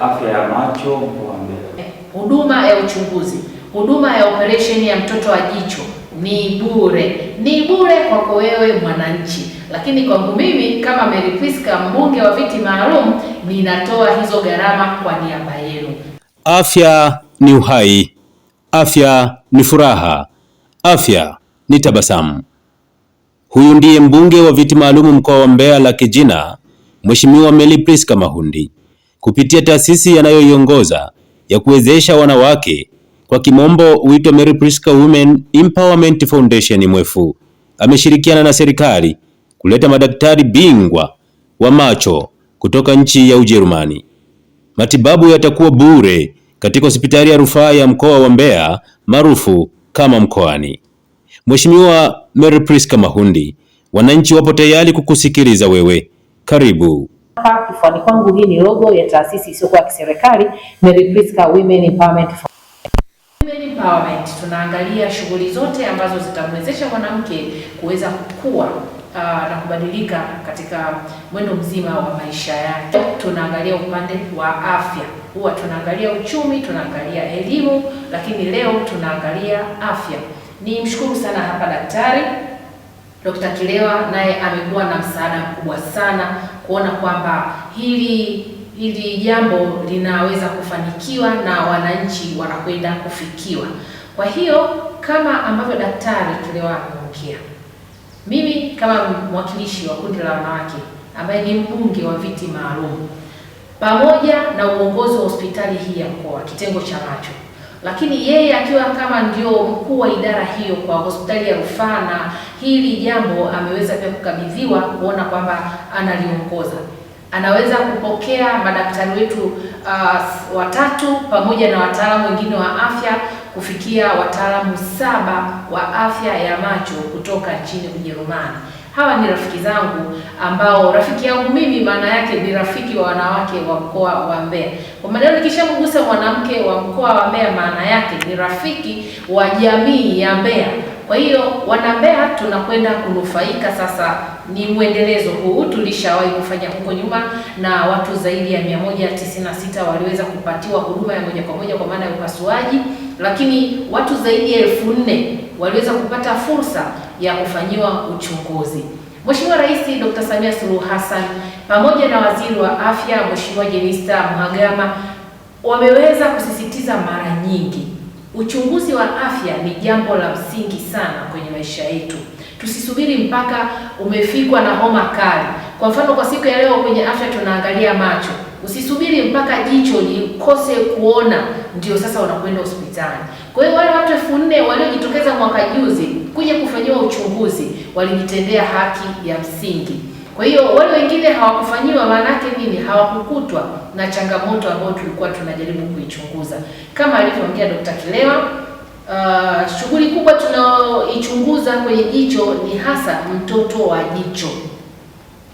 afya ya macho mkoa wa Mbeya. Eh, huduma ya uchunguzi, huduma ya operesheni ya mtoto wa jicho ni bure, ni bure kwako wewe mwananchi, lakini kwangu mimi kama Mary Priska, mbunge wa viti maalum, ninatoa hizo gharama kwa niaba yenu. Afya ni uhai, afya ni furaha, afya ni tabasamu. Huyu ndiye mbunge wa viti maalum mkoa wa Mbeya Kijina, Mheshimiwa Mary Priska Mahundi kupitia taasisi yanayoiongoza ya kuwezesha wanawake kwa kimombo huitwa Mary Priska Women Empowerment Foundation mwefu, ameshirikiana na serikali kuleta madaktari bingwa wa macho kutoka nchi ya Ujerumani. Matibabu yatakuwa bure katika hospitali ya rufaa ya mkoa wa Mbeya maarufu kama Mkoani. Mheshimiwa Mary Priska Mahundi, wananchi wapo tayari kukusikiliza wewe. Karibu. Hapa kifuani kwangu, hii ni logo ya taasisi isiyokuwa ya kiserikali Mary Priska Women Empowerment. Women Empowerment tunaangalia shughuli zote ambazo zitamwezesha mwanamke kuweza kukua uh, na kubadilika katika mwendo mzima wa maisha yake. Tunaangalia upande wa afya, huwa tunaangalia uchumi, tunaangalia elimu, lakini leo tunaangalia afya. Ni mshukuru sana hapa daktari Dr. Kilewa naye amekuwa na msaada mkubwa sana kuona kwamba hili hili jambo linaweza kufanikiwa na wananchi wanakwenda kufikiwa. Kwa hiyo kama ambavyo Daktari Kilewa ameongea, mimi kama mwakilishi wa kundi la wanawake ambaye ni mbunge wa viti maalum pamoja na uongozi wa hospitali hii ya mkoa kitengo cha macho lakini yeye akiwa kama ndio mkuu wa idara hiyo kwa hospitali ya rufaa, na hili jambo ameweza pia kukabidhiwa kuona kwamba analiongoza, anaweza kupokea madaktari wetu uh, watatu pamoja na wataalamu wengine wa afya kufikia wataalamu saba wa afya ya macho kutoka nchini Ujerumani. Hawa ni rafiki zangu ambao rafiki yangu mimi maana yake ni rafiki wa wanawake wa mkoa wa Mbeya. Kwa maana nikishamgusa mwanamke wa mkoa wa Mbeya, maana yake ni rafiki wa jamii ya Mbeya. Kwa hiyo wana Mbeya tunakwenda kunufaika sasa. Ni mwendelezo huu, tulishawahi kufanya huko nyuma na watu zaidi ya 196 waliweza kupatiwa huduma ya moja kwa moja kwa maana ya upasuaji, lakini watu zaidi ya elfu nne waliweza kupata fursa ya kufanyiwa uchunguzi. Mheshimiwa Rais Dr. Samia Suluhu Hassan pamoja na Waziri wa Afya Mheshimiwa Jenista Mhagama wameweza kusisitiza mara nyingi, uchunguzi wa afya ni jambo la msingi sana kwenye maisha yetu. Tusisubiri mpaka umefikwa na homa kali. Kwa mfano, kwa siku ya leo kwenye afya tunaangalia macho. Usisubiri mpaka jicho likose kuona ndio sasa wanakwenda hospitali. Kwa hiyo wale watu elfu nne waliojitokeza mwaka juzi kuja kufanyiwa uchunguzi walijitendea haki ya msingi. Kwa hiyo wale wengine hawakufanyiwa, maana yake nini? Hawakukutwa na changamoto ambayo tulikuwa tunajaribu kuichunguza, kama alivyoongea Dr. Kilewa. Uh, shughuli kubwa tunaoichunguza kwenye jicho ni hasa mtoto wa jicho.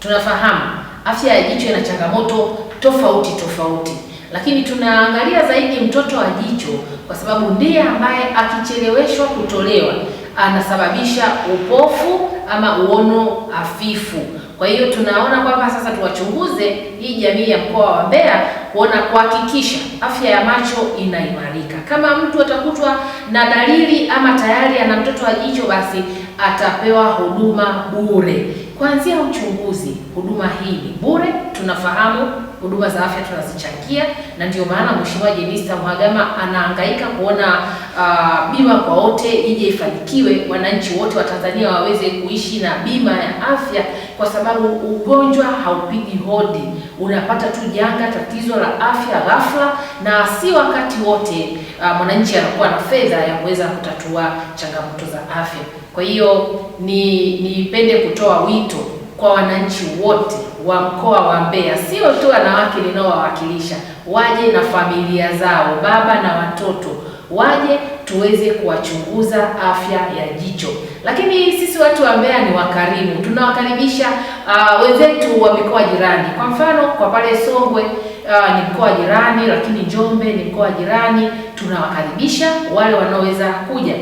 Tunafahamu afya ya jicho ina changamoto tofauti tofauti lakini tunaangalia zaidi mtoto wa jicho, kwa sababu ndiye ambaye akicheleweshwa kutolewa anasababisha upofu ama uono hafifu. Kwa hiyo tunaona kwamba sasa tuwachunguze hii jamii ya mkoa wa Mbeya kuona kuhakikisha afya ya macho inaimarika. Kama mtu atakutwa na dalili ama tayari ana mtoto wa jicho, basi atapewa huduma bure kuanzia uchunguzi. Huduma hii ni bure, tunafahamu huduma za afya tunazichangia, na ndio maana Mheshimiwa Jenista Mhagama anahangaika kuona uh, bima kwa wote ije ifanikiwe, wananchi wote wa Tanzania waweze kuishi na bima ya afya, kwa sababu ugonjwa haupigi hodi, unapata tu janga, tatizo la afya ghafla, na si wakati wote uh, mwananchi anakuwa na fedha ya kuweza kutatua changamoto za afya. Kwa hiyo ni nipende kutoa wito kwa wananchi wote wa mkoa wa Mbeya, sio tu wanawake ninaowawakilisha, waje na familia zao, baba na watoto, waje tuweze kuwachunguza afya ya jicho. Lakini sisi watu wa Mbeya ni wakarimu, tunawakaribisha uh, wenzetu wa mikoa jirani. Kwa mfano kwa pale Songwe uh, ni mkoa jirani, lakini Njombe ni mkoa jirani, tunawakaribisha wale wanaoweza kuja.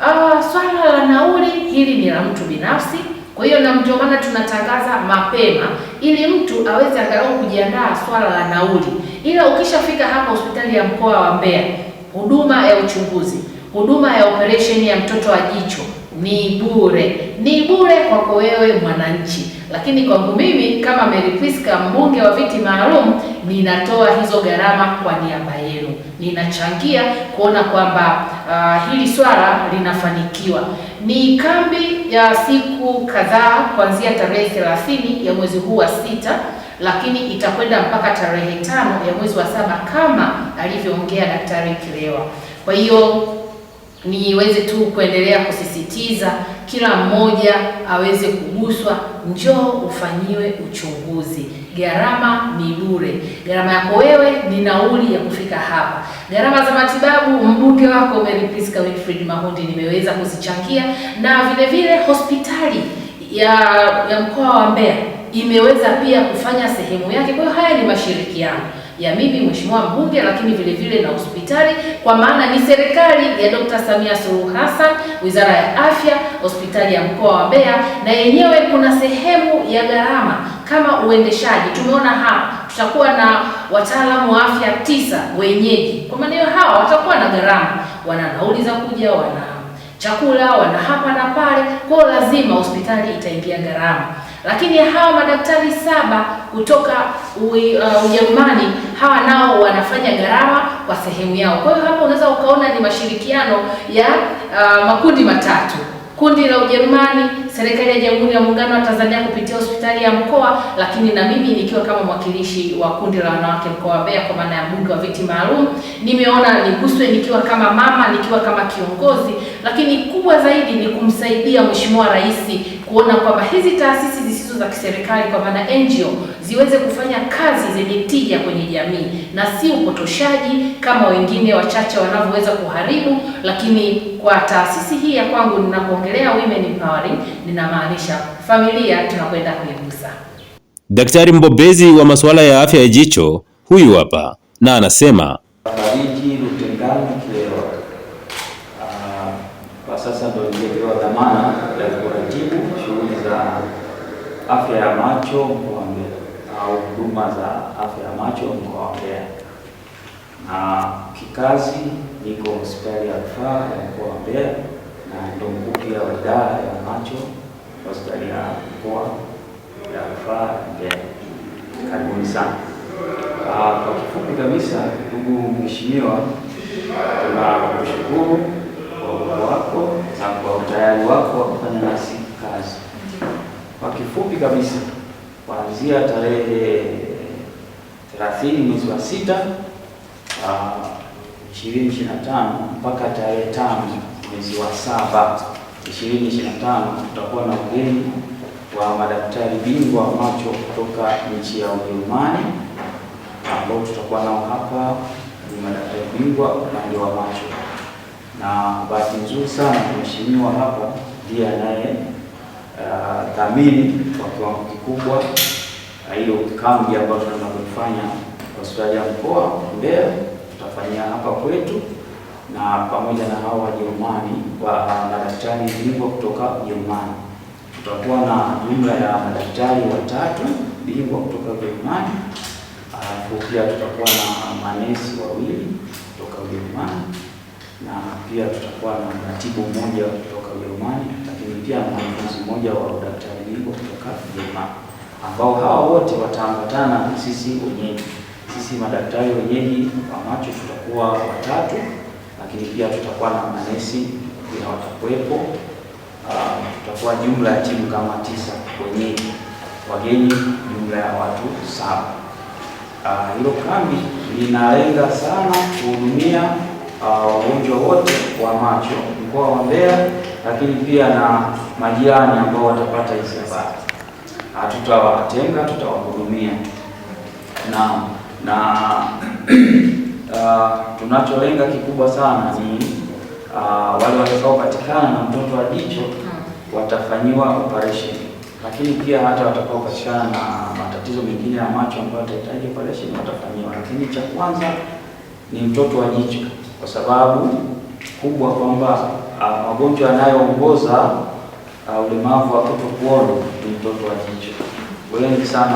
Uh, swala la nauli hili ni la mtu binafsi kwa hiyo na ndio maana tunatangaza mapema ili mtu aweze angalau kujiandaa swala la nauli. Ila ukishafika hapa hospitali ya mkoa wa Mbeya, huduma ya uchunguzi, huduma ya operesheni ya mtoto wa jicho ni bure, ni bure kwako wewe mwananchi, lakini kwangu mimi kama Mary Priska, mbunge wa viti maalum, ninatoa hizo gharama kwa niaba yenu, ninachangia kuona kwamba uh, hili swala linafanikiwa. Ni kambi ya siku kadhaa kuanzia tarehe thelathini ya mwezi huu wa sita lakini itakwenda mpaka tarehe tano ya mwezi wa saba kama alivyoongea Daktari Kilewa. Kwa hiyo niweze tu kuendelea kusisitiza kila mmoja aweze kuguswa, njoo ufanyiwe uchunguzi. Gharama ni bure. Gharama yako wewe ni nauli ya kufika hapa. Gharama za matibabu mbunge wako Mary Priska Winfred Mahundi nimeweza kuzichangia, na vile vile hospitali ya ya mkoa wa Mbeya imeweza pia kufanya sehemu yake. Kwa hiyo haya ni mashirikiano ya mimi mheshimiwa mbunge, lakini vile vile na hospitali, kwa maana ni serikali ya Dr. Samia Suluhu Hassan, Wizara ya Afya, hospitali ya mkoa wa Mbeya, na yenyewe kuna sehemu ya gharama kama uendeshaji. Tumeona hapa tutakuwa na wataalamu wa afya tisa wenyeji, kwa maana hawa watakuwa na gharama, wana nauli za kuja, wana chakula, wana hapa na pale, kwa lazima hospitali itaingia gharama. Lakini hawa madaktari saba kutoka uh, Ujerumani uh, hawa nao wanafanya gharama kwa sehemu yao. Kwa hiyo hapo unaweza ukaona ni mashirikiano ya uh, makundi matatu kundi la Ujerumani, serikali ya Jamhuri ya Muungano wa Tanzania kupitia hospitali ya mkoa, lakini na mimi nikiwa kama mwakilishi wa kundi la wanawake mkoa wa Mbeya kwa maana ya bunge wa viti maalum, nimeona niguswe nikiwa kama mama, nikiwa kama kiongozi, lakini kubwa zaidi ni kumsaidia Mheshimiwa Rais kuona kwamba hizi taasisi zisizo za kiserikali kwa maana NGO ziweze kufanya kazi zenye tija kwenye jamii na si upotoshaji kama wengine wachache wanavyoweza kuharibu. Lakini kwa taasisi hii ya kwangu, ninapoongelea women empowering, ninamaanisha familia tunakwenda kuigusa. Daktari mbobezi wa masuala ya afya ya jicho huyu hapa, na anasema Rutengani ah, kwa sasa ndio aliyetoa dhamana ya kuratibu shughuli za afya ya macho mkoa wa Mbeya au huduma za afya ya macho mkoa wa Mbeya, na kikazi niko hospitali ya rufaa ya mkoa wa Mbeya na ndo mkuu pia wa idara ya macho hospitali ya mkoa ya rufaa ya Mbeya. Karibuni sana. Ah, kwa kifupi kabisa, ndugu mheshimiwa, tunakushukuru kwa uwepo wako na kwa utayari wako wa kufanya nasi kifupi kabisa kuanzia tarehe thelathini mwezi wa sita ah, ishirini ishirini na tano mpaka tarehe tano mwezi wa saba ishirini ishirini na tano tutakuwa na ugeni wa madaktari bingwa macho kutoka nchi ya Ujerumani ambao tutakuwa nao hapa. Ni madaktari bingwa upande wa macho, na bahati nzuri sana mheshimiwa hapa ndiye anaye dhamini uh, kwa kiwango kikubwa hiyo uh, kambi ambayo tunafanya hospitali ya mkoa Mbeya tutafanyia hapa kwetu na pamoja na hao Wajerumani madaktari bingwa kutoka Ujerumani. Tutakuwa na jumla ya madaktari watatu bingwa kutoka Ujerumani, alafu pia tutakuwa na manesi wawili kutoka Ujerumani na pia tutakuwa na mratibu mmoja kutoka Ujerumani pia mwanafunzi mmoja wa udaktari bingwa kutoka Mjema, ambao hawa wote wataambatana sisi wenyeji. Sisi madaktari wenyeji wa macho tutakuwa watatu, lakini pia tutakuwa na manesi pia watakuwepo. Uh, tutakuwa jumla ya timu kama tisa wenyeji, wageni jumla ya watu saba. Ah, hilo uh, kambi linalenga sana kuhudumia ah, wagonjwa uh, wote wa macho mkoa wa Mbeya lakini pia na majirani ambao watapata hizi habari, hatutawatenga, tutawahudumia na na uh, tunacholenga kikubwa sana ni uh, wale watakaopatikana na mtoto wa jicho watafanyiwa operation, lakini pia hata watakaopatikana na matatizo mengine ya macho ambayo watahitaji operation watafanyiwa, lakini cha kwanza ni mtoto wa jicho kwa sababu kubwa kwamba ah, magonjwa yanayoongoza ah, ulemavu wa mtoto kuona ni mtoto wa jicho. Wengi sana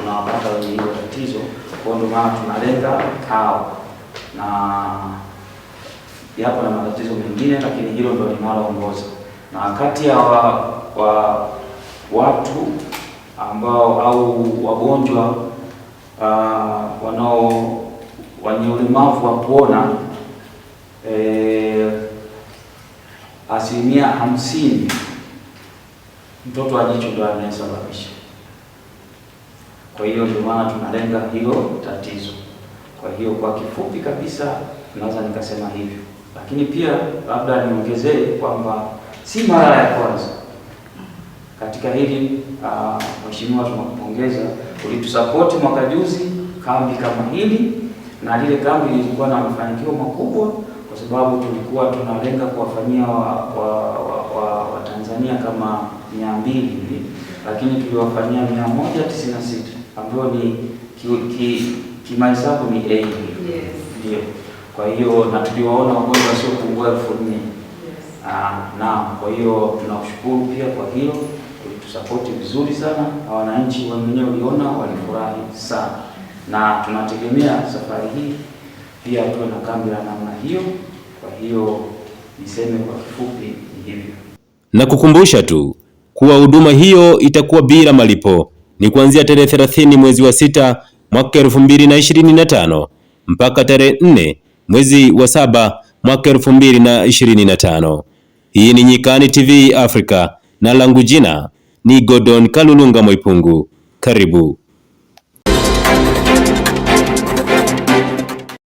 tunawapata wenye hilo tatizo, kwa ndio maana tunaleta hao, na yapo na matatizo mengine, lakini hilo ndio linaloongoza. Na kati ya wa, wa watu ambao au wagonjwa uh, wanao wenye ulemavu wa kuona eh, asilimia hamsini mtoto wa jicho ndio anayesababisha. Kwa hiyo ndio maana tunalenga hilo tatizo. Kwa hiyo kwa kifupi kabisa naweza nikasema hivyo, lakini pia labda niongezee kwamba si mara ya kwanza katika hili uh, Mheshimiwa, tunakupongeza ulitusapoti mwaka juzi kambi kama hili, na lile kambi lilikuwa na mafanikio makubwa kwa sababu tulikuwa tunalenga kuwafanyia Watanzania wa, wa, wa kama mia mbili hivi, lakini tuliwafanyia mia moja tisini na sita ambayo ni kimahesabu ki, ki ni A ndio. Kwa hiyo na tuliwaona wagonjwa wasiopungua elfu nne ah, na kwa hiyo tunakushukuru pia kwa hilo, ulitusapoti vizuri sana na wananchi wenyewe uliona walifurahi sana, na tunategemea safari hii pia kuwe na kambi la namna hiyo. Kwa hiyo niseme kwa kifupi ni hivyo, na kukumbusha tu kuwa huduma hiyo itakuwa bila malipo, ni kuanzia tarehe 30 mwezi wa sita mwaka 2025 mpaka tarehe 4 mwezi wa saba mwaka 2025. Hii ni Nyikani TV Africa na langu jina ni Gordon Kalulunga mwaipungu Karibu.